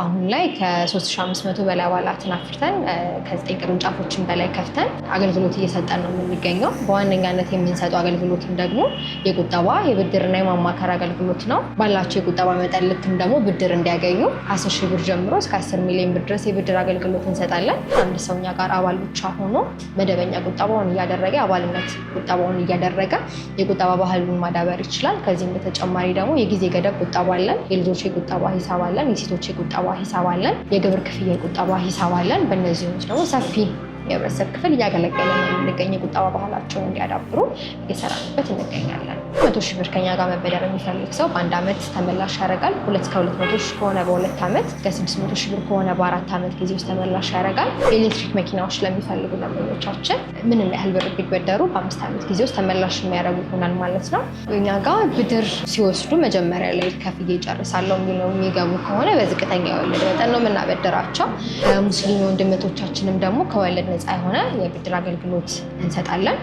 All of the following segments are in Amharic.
አሁን ላይ ከ3500 በላይ አባላትን አፍርተን ከ9 ቅርንጫፎችን በላይ ከፍተን አገልግሎት እየሰጠን ነው የምንገኘው። በዋነኛነት የምንሰጠው አገልግሎትም ደግሞ የቁጠባ የብድርና የማማከር አገልግሎት ነው። ባላቸው የቁጠባ መጠን ልክም ደግሞ ብድር እንዲያገኙ 10 ሺህ ብር ጀምሮ እስከ 10 ሚሊዮን ብር ድረስ የብድር አገልግሎት እንሰጣለን። አንድ ሰው እኛ ጋር አባል ብቻ ሆኖ መደበኛ ቁጠባውን እያደረገ አባልነት ቁጠባውን እያደረገ የቁጠባ ባህሉን ማዳበር ይችላል። ከዚህም በተጨማሪ ደግሞ የጊዜ ገደብ ቁጠባ አለን። የልጆች የቁጠባ ሂሳብ አለን። የሴቶች የቁጠባ ቁጠባ ሂሳብ አለን፣ የግብር ክፍያ የቁጠባ ሂሳብ አለን። በእነዚህ ውስጥ ደግሞ ሰፊ የህብረተሰብ ክፍል እያገለገለ ነው የምንገኝ የቁጠባ ባህላቸውን እንዲያዳብሩ እየሰራንበት እንገኛለን። መቶ ሺህ ብር ከኛ ጋር መበደር የሚፈልግ ሰው በአንድ ዓመት ተመላሽ ያደርጋል። ሁለት ከሁለት መቶ ሺህ ከሆነ በሁለት ዓመት፣ ከስድስት መቶ ሺህ ብር ከሆነ በአራት ዓመት ጊዜ ውስጥ ተመላሽ ያደርጋል። ኤሌክትሪክ መኪናዎች ለሚፈልጉ ደንበኞቻችን ምንም ያህል ብር ቢበደሩ በአምስት ዓመት ጊዜ ውስጥ ተመላሽ የሚያደርጉ ይሆናል ማለት ነው። እኛ ጋር ብድር ሲወስዱ መጀመሪያ ላይ ከፍዬ እጨርሳለሁ የሚለው የሚገቡ ከሆነ በዝቅተኛ የወለድ መጠን ነው የምናበድራቸው። ሙስሊም ወንድመቶቻችንም ደግሞ ከወለድ ነፃ የሆነ የብድር አገልግሎት እንሰጣለን።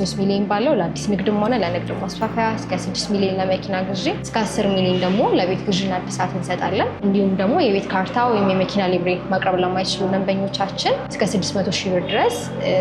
ሶስት ሚሊዮን ባለው ለአዲስ ንግድም ሆነ ለንግድ ማስፋ ማስፋፊያ እስከ 6 ሚሊዮን ለመኪና ግዢ እስከ 10 ሚሊዮን ደግሞ ለቤት ግዢና እድሳት እንሰጣለን። እንዲሁም ደግሞ የቤት ካርታ ወይም የመኪና ሊብሬ ማቅረብ ለማይችሉ ደንበኞቻችን እስከ 600 ሺህ ብር ድረስ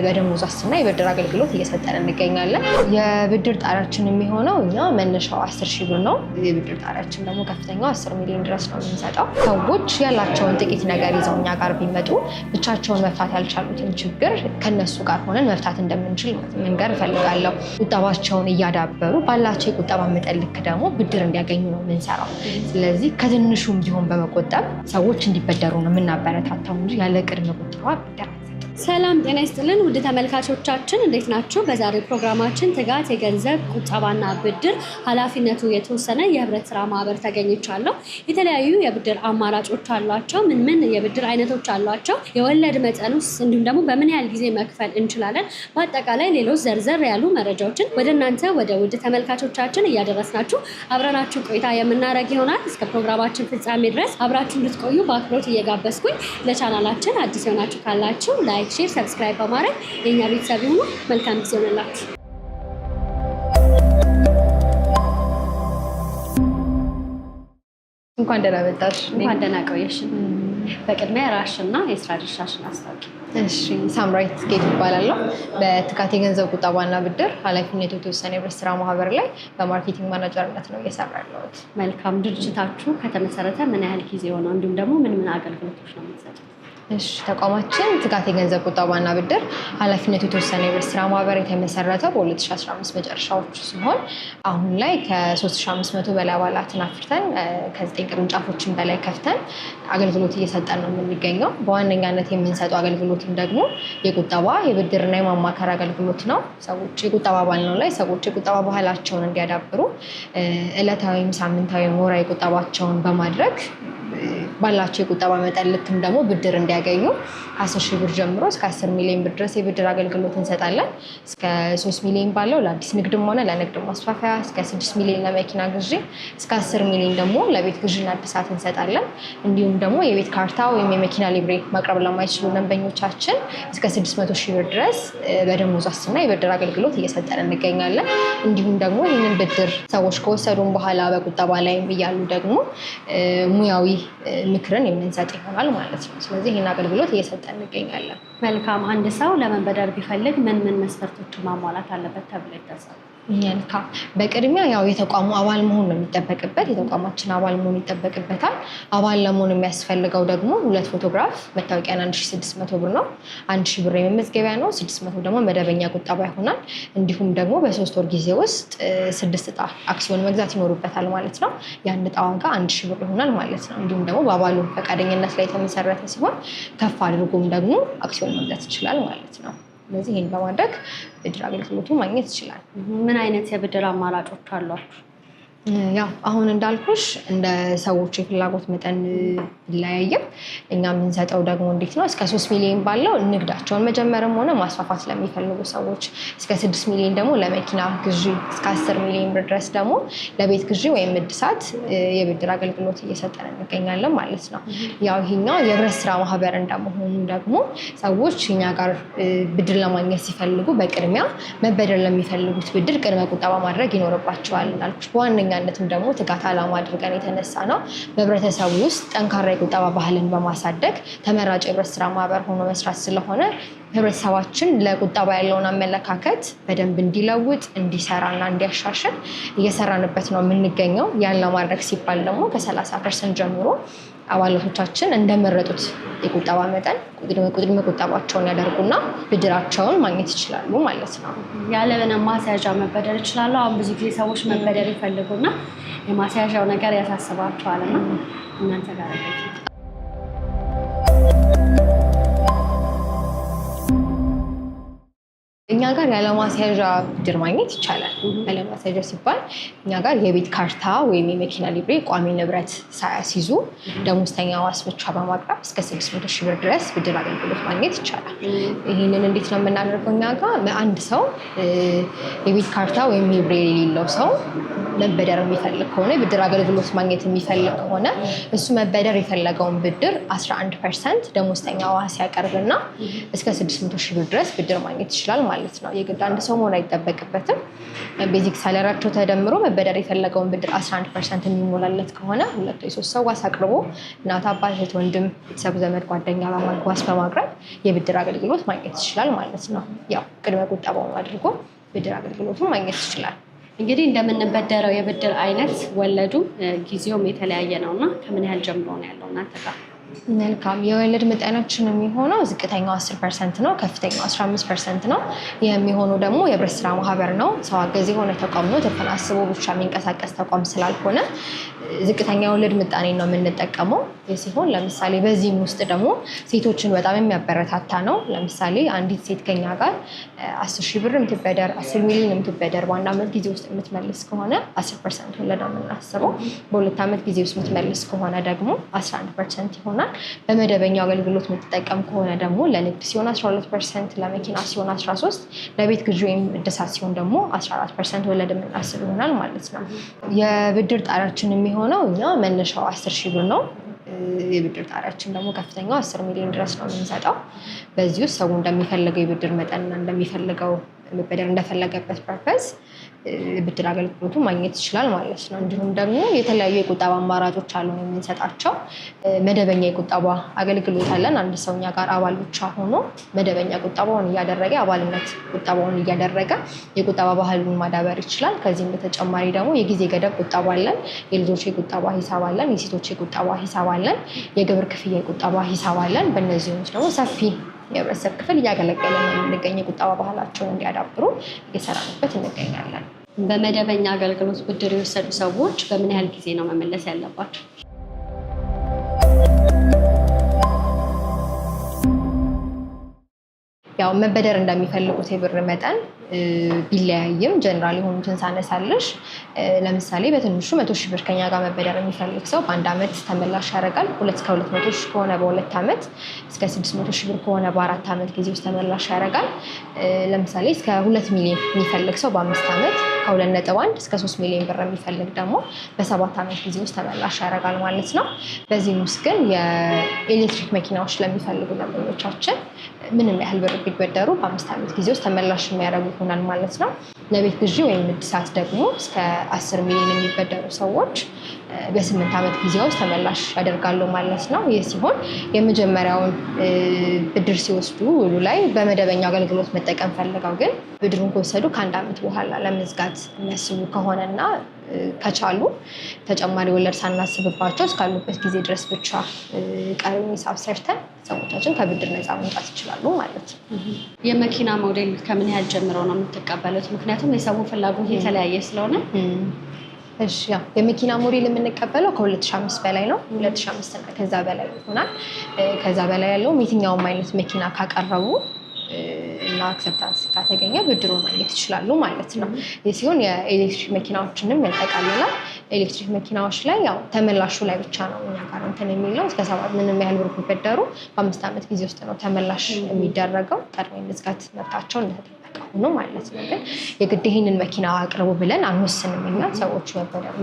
በደሞዝ ዋስትና የብድር አገልግሎት እየሰጠን እንገኛለን። የብድር ጣሪያችን የሚሆነው እኛ መነሻው 10 ሺህ ብር ነው። የብድር ጣሪያችን ደግሞ ከፍተኛው 10 ሚሊዮን ድረስ ነው የምንሰጠው። ሰዎች ያላቸውን ጥቂት ነገር ይዘው እኛ ጋር ቢመጡ ብቻቸውን መፍታት ያልቻሉትን ችግር ከነሱ ጋር ሆነን መፍታት እንደምንችል መንገር እፈልጋለሁ። ቁጠባቸውን እያዳበሩ ባላቸው የቁጠባ መጠን ልክ ደግሞ ብድር እንዲያገኙ ነው የምንሰራው። ስለዚህ ከትንሹም ቢሆን በመቆጠብ ሰዎች እንዲበደሩ ነው የምናበረታታው እንጂ ያለ ቅድመ ቁጠባ ብድር ሰላም ጤና ይስጥልን ውድ ተመልካቾቻችን እንዴት ናችሁ? በዛሬው ፕሮግራማችን ትጋት የገንዘብ ቁጠባና ብድር ኃላፊነቱ የተወሰነ የህብረት ስራ ማህበር ተገኝቻለሁ። የተለያዩ የብድር አማራጮች አሏቸው። ምን ምን የብድር አይነቶች አሏቸው? የወለድ ውስጥ እንዲሁም ደግሞ በምን ያህል ጊዜ መክፈል እንችላለን? በአጠቃላይ ሌሎች ዘርዘር ያሉ መረጃዎችን ወደ እናንተ ወደ ውድ ተመልካቾቻችን እያደረስናችሁ አብረናችሁ ቆይታ የምናደርግ ይሆናል። እስከ ፕሮግራማችን ፍጻሜ ድረስ አብራችሁ እንድትቆዩ በአክብሮት እየጋበዝኩኝ ለቻናላችን አዲስ የሆናችሁ ካላችሁ ላይ ላይክ፣ ሼር፣ ሰብስክራይብ በማድረግ የእኛ ቤተሰብ ይሁኑ። መልካም ጊዜ ሆነላችሁ። እንኳን ደህና መጣሽ። እንኳን ደህና ቆየሽ። በቅድሚያ የስራ ድርሻሽን አስታውቂ። እሺ፣ ጌት ይባላለሁ። በትካት የገንዘብ ቁጠባና ብድር ኃላፊነቱ የተወሰነ የህብረት ስራ ማህበር ላይ በማርኬቲንግ ማናጀርነት ነው እየሰራ ያለሁት። መልካም። ድርጅታችሁ ከተመሰረተ ምን ያህል ጊዜ ሆነው? እንዲሁም ደግሞ ምን ምን አገልግሎቶች ነው የምትሰጡት? ተቋማችን ትጋት የገንዘብ ቁጠባና ብድር ኃላፊነቱ የተወሰነ የብር ስራ ማህበር የተመሰረተው በ2015 መጨረሻዎቹ ሲሆን አሁን ላይ ከ3500 በላይ አባላትን አፍርተን ከ9 ቅርንጫፎችን በላይ ከፍተን አገልግሎት እየሰጠን ነው የምንገኘው። በዋነኛነት የምንሰጠው አገልግሎትም ደግሞ የቁጠባ የብድርና የማማከር አገልግሎት ነው። ሰዎች የቁጠባ ባል ነው ላይ ሰዎች የቁጠባ ባህላቸውን እንዲያዳብሩ ዕለታዊም ሳምንታዊ ወራዊ ቁጠባቸውን በማድረግ ባላቸው የቁጠባ መጠን ልክም ደግሞ ብድር እንዲያገኙ ከአስር ሺህ ብር ጀምሮ እስከ አስር ሚሊዮን ብር ድረስ የብድር አገልግሎት እንሰጣለን። እስከ ሶስት ሚሊዮን ባለው ለአዲስ ንግድም ሆነ ለንግድ ማስፋፊያ፣ እስከ ስድስት ሚሊዮን ለመኪና ግዢ፣ እስከ አስር ሚሊዮን ደግሞ ለቤት ግዢና እድሳት እንሰጣለን። እንዲሁም ደግሞ የቤት ካርታ ወይም የመኪና ሊብሬ ማቅረብ ለማይችሉ ደንበኞቻችን እስከ ስድስት መቶ ሺህ ብር ድረስ በደሞዝ ዋስትና የብድር አገልግሎት እየሰጠን እንገኛለን። እንዲሁም ደግሞ ይህንን ብድር ሰዎች ከወሰዱን በኋላ በቁጠባ ላይ እያሉ ደግሞ ሙያዊ ምክርን የምንሰጥ ይሆናል ማለት ነው። ስለዚህ ይህን አገልግሎት እየሰጠን እንገኛለን። መልካም። አንድ ሰው ለመንበደር ቢፈልግ ምን ምን መስፈርቶቹ ማሟላት አለበት ተብሎ ይታሰባል? መልካም በቅድሚያ ያው የተቋሙ አባል መሆን ነው የሚጠበቅበት። የተቋማችን አባል መሆን ይጠበቅበታል። አባል ለመሆን የሚያስፈልገው ደግሞ ሁለት ፎቶግራፍ፣ መታወቂያን 1600 ብር ነው። አንድ ሺ ብር የመመዝገቢያ ነው፣ 600 ደግሞ መደበኛ ቁጠባ ይሆናል። እንዲሁም ደግሞ በሶስት ወር ጊዜ ውስጥ ስድስት እጣ አክሲዮን መግዛት ይኖሩበታል ማለት ነው። ያን እጣ ዋጋ 1000 ብር ይሆናል ማለት ነው። እንዲሁም ደግሞ በአባሉ ፈቃደኝነት ላይ የተመሰረተ ሲሆን ከፍ አድርጎም ደግሞ አክሲዮን መግዛት ይችላል ማለት ነው። ስለዚህ ይህን በማድረግ ብድር አገልግሎቱ ማግኘት ይችላል። ምን አይነት የብድር አማራጮች አሏችሁ? ያው አሁን እንዳልኩሽ እንደ ሰዎች የፍላጎት መጠን ይለያየም። እኛ የምንሰጠው ደግሞ እንዴት ነው እስከ ሶስት ሚሊዮን ባለው ንግዳቸውን መጀመርም ሆነ ማስፋፋት ለሚፈልጉ ሰዎች፣ እስከ ስድስት ሚሊዮን ደግሞ ለመኪና ግዢ፣ እስከ አስር ሚሊዮን ብር ድረስ ደግሞ ለቤት ግዢ ወይም እድሳት የብድር አገልግሎት እየሰጠን እንገኛለን ማለት ነው። ያው ይሄኛው የህብረት ስራ ማህበር እንደመሆኑ ደግሞ ሰዎች እኛ ጋር ብድር ለማግኘት ሲፈልጉ በቅድሚያ መበደር ለሚፈልጉት ብድር ቅድመ ቁጠባ ማድረግ ይኖርባቸዋል እንዳልኩሽ በዋነኛ በዋነኛነትም ደግሞ ትጋት ዓላማ አድርገን የተነሳ ነው በህብረተሰቡ ውስጥ ጠንካራ የቁጠባ ባህልን በማሳደግ ተመራጭ የህብረት ስራ ማህበር ሆኖ መስራት ስለሆነ ህብረተሰባችን ለቁጠባ ያለውን አመለካከት በደንብ እንዲለውጥ እንዲሰራና እንዲያሻሽል እየሰራንበት ነው የምንገኘው። ያን ለማድረግ ሲባል ደግሞ ከ30 ፐርሰንት ጀምሮ አባላቶቻችን እንደመረጡት የቁጠባ መጠን ቅድመ ቁጠባቸውን ያደርጉና ብድራቸውን ማግኘት ይችላሉ ማለት ነው። ያለምንም ማስያዣ መበደር ይችላሉ። አሁን ብዙ ጊዜ ሰዎች መበደር ይፈልጉና የማስያዣው ነገር ያሳስባቸዋልና እናንተ ጋር እኛ ጋር ያለማስያዣ ብድር ማግኘት ይቻላል። ያለማስያዣ ሲባል እኛ ጋር የቤት ካርታ ወይም የመኪና ሊብሬ ቋሚ ንብረት ሳያስይዙ ደሞዝተኛ ዋስ ብቻ በማቅረብ እስከ ስድስት ሺህ ብር ድረስ ብድር አገልግሎት ማግኘት ይቻላል። ይህንን እንዴት ነው የምናደርገው? እኛ ጋር አንድ ሰው የቤት ካርታ ወይም ሊብሬ የሌለው ሰው መበደር የሚፈልግ ከሆነ ብድር አገልግሎት ማግኘት የሚፈልግ ከሆነ እሱ መበደር የፈለገውን ብድር 11 ፐርሰንት ደሞዝተኛ ዋስ ያቀርብና እስከ ስድስት ሺህ ብር ድረስ ብድር ማግኘት ይችላል ማለት ነው። ማለት ነው። የግድ አንድ ሰው መሆን አይጠበቅበትም። ቤዚክ ሳለራቸው ተደምሮ መበደር የፈለገውን ብድር 11 ፐርሰንት የሚሞላለት ከሆነ ሁለት ወይ ሶስት ሰው አሳቅርቦ እናት፣ አባት፣ እህት፣ ወንድም፣ ሰብ፣ ዘመድ፣ ጓደኛ በማጓዝ በማቅረብ የብድር አገልግሎት ማግኘት ይችላል ማለት ነው። ያው ቅድመ ቁጠባውን አድርጎ ብድር አገልግሎቱን ማግኘት ይችላል። እንግዲህ እንደምንበደረው የብድር አይነት ወለዱ ጊዜውም የተለያየ ነው እና ከምን ያህል ጀምሮ ነው ያለው እናንተ ጋር? መልካም የወለድ መጠናችን የሚሆነው ዝቅተኛው 10 ፐርሰንት ነው። ከፍተኛው 15 ፐርሰንት ነው። የሚሆኑ ደግሞ የህብረት ስራ ማህበር ነው። ሰው አገዝ የሆነ ተቋም ነው። ተፈናስቦ ብቻ የሚንቀሳቀስ ተቋም ስላልሆነ ዝቅተኛ የወለድ ምጣኔ ነው የምንጠቀመው ሲሆን ለምሳሌ በዚህም ውስጥ ደግሞ ሴቶችን በጣም የሚያበረታታ ነው። ለምሳሌ አንዲት ሴት ከኛ ጋር አስር ሺህ ብር የምትበደር አስር ሚሊዮን የምትበደር በአንድ ዓመት ጊዜ ውስጥ የምትመልስ ከሆነ አስር ፐርሰንት ወለድ ነው የምናስበው። በሁለት ዓመት ጊዜ ውስጥ የምትመልስ ከሆነ ደግሞ አስራ አንድ ፐርሰንት ይሆናል። በመደበኛው አገልግሎት የምትጠቀም ከሆነ ደግሞ ለንግድ ሲሆን አስራ ሁለት ፐርሰንት፣ ለመኪና ሲሆን አስራ ሶስት ለቤት ግዢ ወይም እድሳት ሲሆን ደግሞ አስራ አራት ፐርሰንት ወለድ የምናስብ ይሆናል ማለት ነው የብድር ጣሪያችን የሚሆን የሆነው እኛ መነሻው አስር ሺህ ብር ነው። የብድር ጣሪያችን ደግሞ ከፍተኛው አስር ሚሊዮን ድረስ ነው የምንሰጠው። በዚህ ውስጥ ሰው እንደሚፈልገው የብድር መጠንና እንደሚፈልገው መበደር እንደፈለገበት ፐርፐስ ብድር አገልግሎቱ ማግኘት ይችላል ማለት ነው። እንዲሁም ደግሞ የተለያዩ የቁጠባ አማራጮች አሉ የምንሰጣቸው። መደበኛ የቁጠባ አገልግሎት አለን። አንድ ሰው እኛ ጋር አባል ብቻ ሆኖ መደበኛ ቁጠባውን እያደረገ አባልነት ቁጠባውን እያደረገ የቁጠባ ባህሉን ማዳበር ይችላል። ከዚህም በተጨማሪ ደግሞ የጊዜ ገደብ ቁጠባ አለን። የልጆች የቁጠባ ሂሳብ አለን። የሴቶች የቁጠባ ሂሳብ አለን። የግብር ክፍያ የቁጠባ ሂሳብ አለን። በእነዚህ ደግሞ ሰፊ የህብረተሰብ ክፍል እያገለገለ ነው የምንገኝ። የቁጠባ ባህላቸውን እንዲያዳብሩ እየሰራንበት እንገኛለን። በመደበኛ አገልግሎት ብድር የወሰዱ ሰዎች በምን ያህል ጊዜ ነው መመለስ ያለባቸው? ያው መበደር እንደሚፈልጉት የብር መጠን ቢለያይም ጀነራል የሆኑትን ሳነሳለሽ ለምሳሌ በትንሹ መቶ ሺህ ብር ከኛ ጋር መበደር የሚፈልግ ሰው በአንድ ዓመት ተመላሽ ያደርጋል። ሁለት እስከ ሁለት መቶ ሺህ ከሆነ በሁለት ዓመት እስከ ስድስት መቶ ሺህ ብር ከሆነ በአራት ዓመት ጊዜ ውስጥ ተመላሽ ያደርጋል። ለምሳሌ እስከ ሁለት ሚሊዮን የሚፈልግ ሰው በአምስት ዓመት ከሁለት ነጥብ አንድ እስከ ሶስት ሚሊዮን ብር የሚፈልግ ደግሞ በሰባት ዓመት ጊዜ ውስጥ ተመላሽ ያደርጋል ማለት ነው። በዚህም ውስጥ ግን የኤሌክትሪክ መኪናዎች ለሚፈልጉ ደንበኞቻችን ምንም ያህል ብር ቢበደሩ በአምስት ዓመት ጊዜ ውስጥ ተመላሽ የሚያደርጉ ይሆናል ማለት ነው። ለቤት ግዢ ወይም እድሳት ደግሞ እስከ አስር ሚሊዮን የሚበደሩ ሰዎች በስምንት ዓመት ጊዜ ውስጥ ተመላሽ ያደርጋሉ ማለት ነው። ይህ ሲሆን የመጀመሪያውን ብድር ሲወስዱ ውሉ ላይ በመደበኛ አገልግሎት መጠቀም ፈልገው ግን ብድሩን ከወሰዱ ከአንድ ዓመት በኋላ ለመዝጋት የሚያስቡ ከሆነና ከቻሉ ተጨማሪ ወለድ ሳናስብባቸው እስካሉበት ጊዜ ድረስ ብቻ ቀሪውን ሂሳብ ሰርተን ሰዎቻችን ከብድር ነፃ መውጣት ይችላሉ ማለት ነው። የመኪና ሞዴል ከምን ያህል ጀምረው ነው የምትቀበሉት? ምክንያቱም የሰው ፍላጎት የተለያየ ስለሆነ እሺ ያው የመኪና ሞዴል የምንቀበለው ከ2005 በላይ ነው። 2005 እና ከዛ በላይ ይሆናል። ከዛ በላይ ያለውም የትኛውም አይነት መኪና ካቀረቡ እና አክሰፕታንስ ካተገኘ ብድሮ ማግኘት ይችላሉ ማለት ነው። ይህ ሲሆን የኤሌክትሪክ መኪናዎችንም ያጠቃልላል። ኤሌክትሪክ መኪናዎች ላይ ያው ተመላሹ ላይ ብቻ ነው እኛ ጋር እንትን የሚለው እስከ ሰባት ምንም ያህል ብር ቢበደሩ በአምስት ዓመት ጊዜ ውስጥ ነው ተመላሽ የሚደረገው። ቀድሞ የመዝጋት መብታቸው እንደተጠበቀ ሆኖ ማለት ነው። ግን የግድ ይህንን መኪና አቅርቡ ብለን አንወስንም እኛ። ሰዎቹ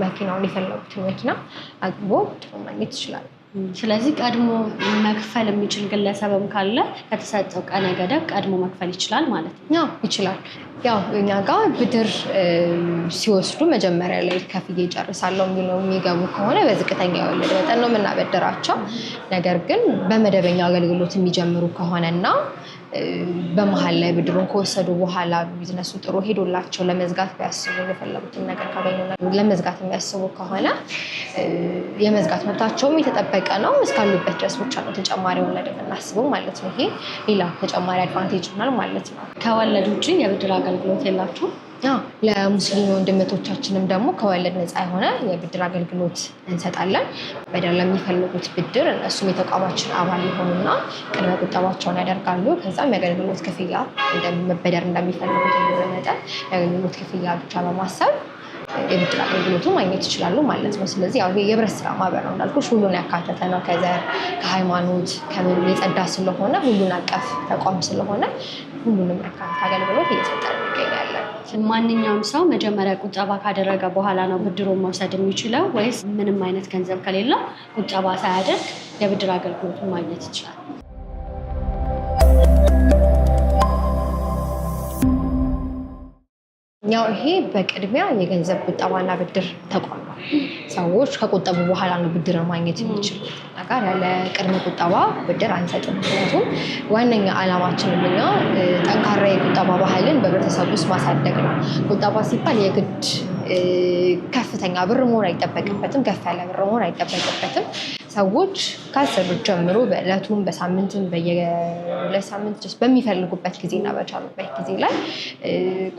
መኪናውን የፈለጉትን መኪና አቅርቦ ብድሮ ማግኘት ይችላሉ። ስለዚህ ቀድሞ መክፈል የሚችል ግለሰብም ካለ ከተሰጠው ቀነ ገደብ ቀድሞ መክፈል ይችላል ማለት ነው። ይችላል። ያው እኛ ጋር ብድር ሲወስዱ መጀመሪያ ላይ ከፍዬ እጨርሳለሁ የሚለው የሚገቡ ከሆነ በዝቅተኛ የወለድ መጠን ነው የምናበድራቸው። ነገር ግን በመደበኛ አገልግሎት የሚጀምሩ ከሆነ ከሆነና በመሀል ላይ ብድሩን ከወሰዱ በኋላ ቢዝነሱ ጥሩ ሄዶላቸው ለመዝጋት ቢያስቡ የፈለጉትን ነገር ካገኙ ለመዝጋት የሚያስቡ ከሆነ የመዝጋት መብታቸውም የተጠበቀ ነው። እስካሉበት ድረስ ብቻ ነው ተጨማሪ ወለድ የምናስበው ማለት ነው። ይሄ ሌላ ተጨማሪ አድቫንቴጅ ሆናል ማለት ነው። ከወለድ ውጭ የብድር አገልግሎት የላችሁ? ለሙስሊም ወንድመቶቻችንም ደግሞ ከወለድ ነፃ የሆነ የብድር አገልግሎት እንሰጣለን። በደር ለሚፈልጉት ብድር እነሱም የተቋማችን አባል የሆኑና ቅድመ ቁጠባቸውን ያደርጋሉ። ከዛም የአገልግሎት ክፍያ መበደር እንደሚፈልጉት መጠን የአገልግሎት ክፍያ ብቻ በማሰብ የብድር አገልግሎቱ ማግኘት ይችላሉ ማለት ነው። ስለዚህ ያው የህብረት ስራ ማህበር ነው እንዳልኩሽ ሁሉን ያካተተ ነው። ከዘር ከሃይማኖት ከምን የጸዳ ስለሆነ ሁሉን አቀፍ ተቋም ስለሆነ ሁሉንም ያካተተ አገልግሎት እየሰጠ ነው። ማንኛውም ሰው መጀመሪያ ቁጠባ ካደረገ በኋላ ነው ብድሩን መውሰድ የሚችለው ወይስ ምንም አይነት ገንዘብ ከሌለው ቁጠባ ሳያደርግ የብድር አገልግሎቱን ማግኘት ይችላል? ያው ይሄ በቅድሚያ የገንዘብ ቁጠባና ብድር ተቋም ሰዎች ከቆጠቡ በኋላ ነው ብድርን ማግኘት የሚችሉት። ጋር ያለ ቅድመ ቁጠባ ብድር አንሰጥም። ምክንያቱም ዋነኛ አላማችን እኛ ጠንካራ የቁጠባ ባህልን በህብረተሰብ ውስጥ ማሳደግ ነው። ቁጠባ ሲባል የግድ ከፍተኛ ብር መሆን አይጠበቅበትም። ከፍ ያለ ብር መሆን አይጠበቅበትም። ሰዎች ከአስር ብር ጀምሮ በእለቱም በሳምንትም በየሁለት ሳምንት በሚፈልጉበት ጊዜና በቻሉበት ጊዜ ላይ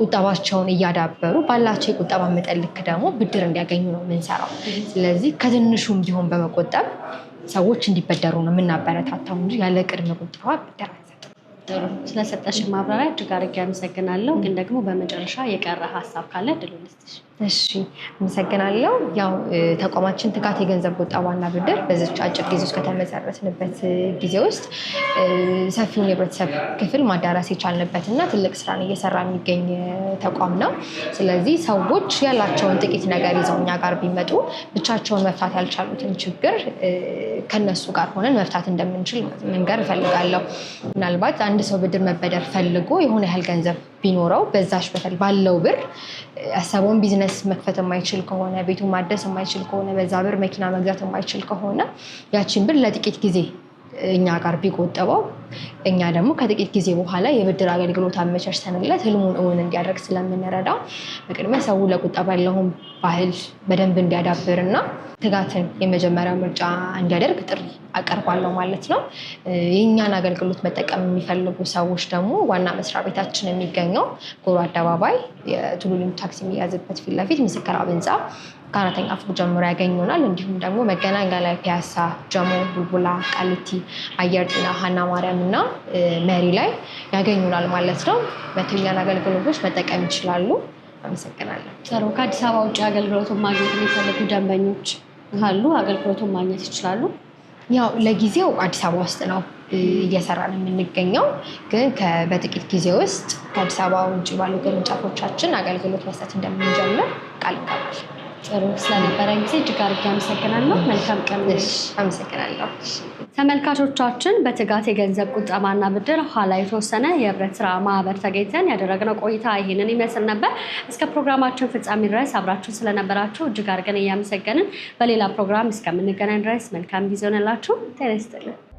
ቁጠባቸውን እያዳበሩ ባላቸው የቁጠባ መጠን ልክ ደግሞ ብድር እንዲያገኙ ነው የምንሰራው። ስለዚህ ከትንሹም ቢሆን በመቆጠብ ሰዎች እንዲበደሩ ነው የምናበረታታው እንጂ ያለ ቅድመ ቁጠባ ብድር ጥሩ ስለሰጠሽ ማብራሪያ እጅግ አድርጌ አመሰግናለሁ። ግን ደግሞ በመጨረሻ የቀረ ሀሳብ ካለ ድል ልስጥሽ። እሺ አመሰግናለሁ። ያው ተቋማችን ትጋት የገንዘብ ቁጠባና ብድር በዚች አጭር ጊዜ ውስጥ ከተመሰረትንበት ጊዜ ውስጥ ሰፊውን የህብረተሰብ ክፍል ማዳረስ የቻልንበት እና ትልቅ ስራን እየሰራ የሚገኝ ተቋም ነው። ስለዚህ ሰዎች ያላቸውን ጥቂት ነገር ይዘው እኛ ጋር ቢመጡ ብቻቸውን መፍታት ያልቻሉትን ችግር ከነሱ ጋር ሆነን መፍታት እንደምንችል መንገር እፈልጋለሁ። ምናልባት አንድ ሰው ብድር መበደር ፈልጎ የሆነ ያህል ገንዘብ ቢኖረው በዛሽ በተል ባለው ብር ያሰበውን ቢዝነስ መክፈት የማይችል ከሆነ ቤቱ ማደስ የማይችል ከሆነ በዛ ብር መኪና መግዛት የማይችል ከሆነ ያችን ብር ለጥቂት ጊዜ እኛ ጋር ቢቆጠበው እኛ ደግሞ ከጥቂት ጊዜ በኋላ የብድር አገልግሎት አመቻችተንለት ህልሙን እውን እንዲያደርግ ስለምንረዳው በቅድሚያ ሰው ለቁጠባ ያለውን ባህል በደንብ እንዲያዳብር እና ትጋትን የመጀመሪያ ምርጫ እንዲያደርግ ጥሪ አቀርባለሁ ማለት ነው። የእኛን አገልግሎት መጠቀም የሚፈልጉ ሰዎች ደግሞ ዋና መስሪያ ቤታችን የሚገኘው ጎሮ አደባባይ የቱሉሊም ታክሲ የሚያዝበት ፊት ለፊት ምስክር አብ ህንፃ ከአራተኛ ፎቅ ጀምሮ ያገኙናል። እንዲሁም ደግሞ መገናኛ ላይ ፒያሳ፣ ጀሞ፣ ቡልቡላ፣ ቃሊቲ፣ አየር ጤና፣ ሀና ማርያም እና መሪ ላይ ያገኙናል ማለት ነው። መተኛን አገልግሎቶች መጠቀም ይችላሉ። አመሰግናለሁ። ጥሩ። ከአዲስ አበባ ውጭ አገልግሎቱን ማግኘት የሚፈልጉ ደንበኞች ካሉ አገልግሎቱን ማግኘት ይችላሉ። ያው ለጊዜው አዲስ አበባ ውስጥ ነው እየሰራን የምንገኘው ግን በጥቂት ጊዜ ውስጥ ከአዲስ አበባ ውጭ ባሉ ቅርንጫፎቻችን አገልግሎት መስጠት እንደምንጀምር ቃል እንገባለን። ጥሩ ስለነበረ ጊዜ እጅግ አድርጌ አመሰግናለሁ። መልካም ቀን። አመሰግናለሁ። ተመልካቾቻችን በትጋት የገንዘብ ቁጠባና ብድር ኋላ የተወሰነ የህብረት ስራ ማህበር ተገኝተን ያደረግነው ቆይታ ይህንን ይመስል ነበር። እስከ ፕሮግራማችን ፍጻሜ ድረስ አብራችሁን ስለነበራችሁ እጅግ አድርገን እያመሰገንን በሌላ ፕሮግራም እስከምንገናኝ ድረስ መልካም ጊዜ ሆነላችሁ። ጤና ይስጥልን።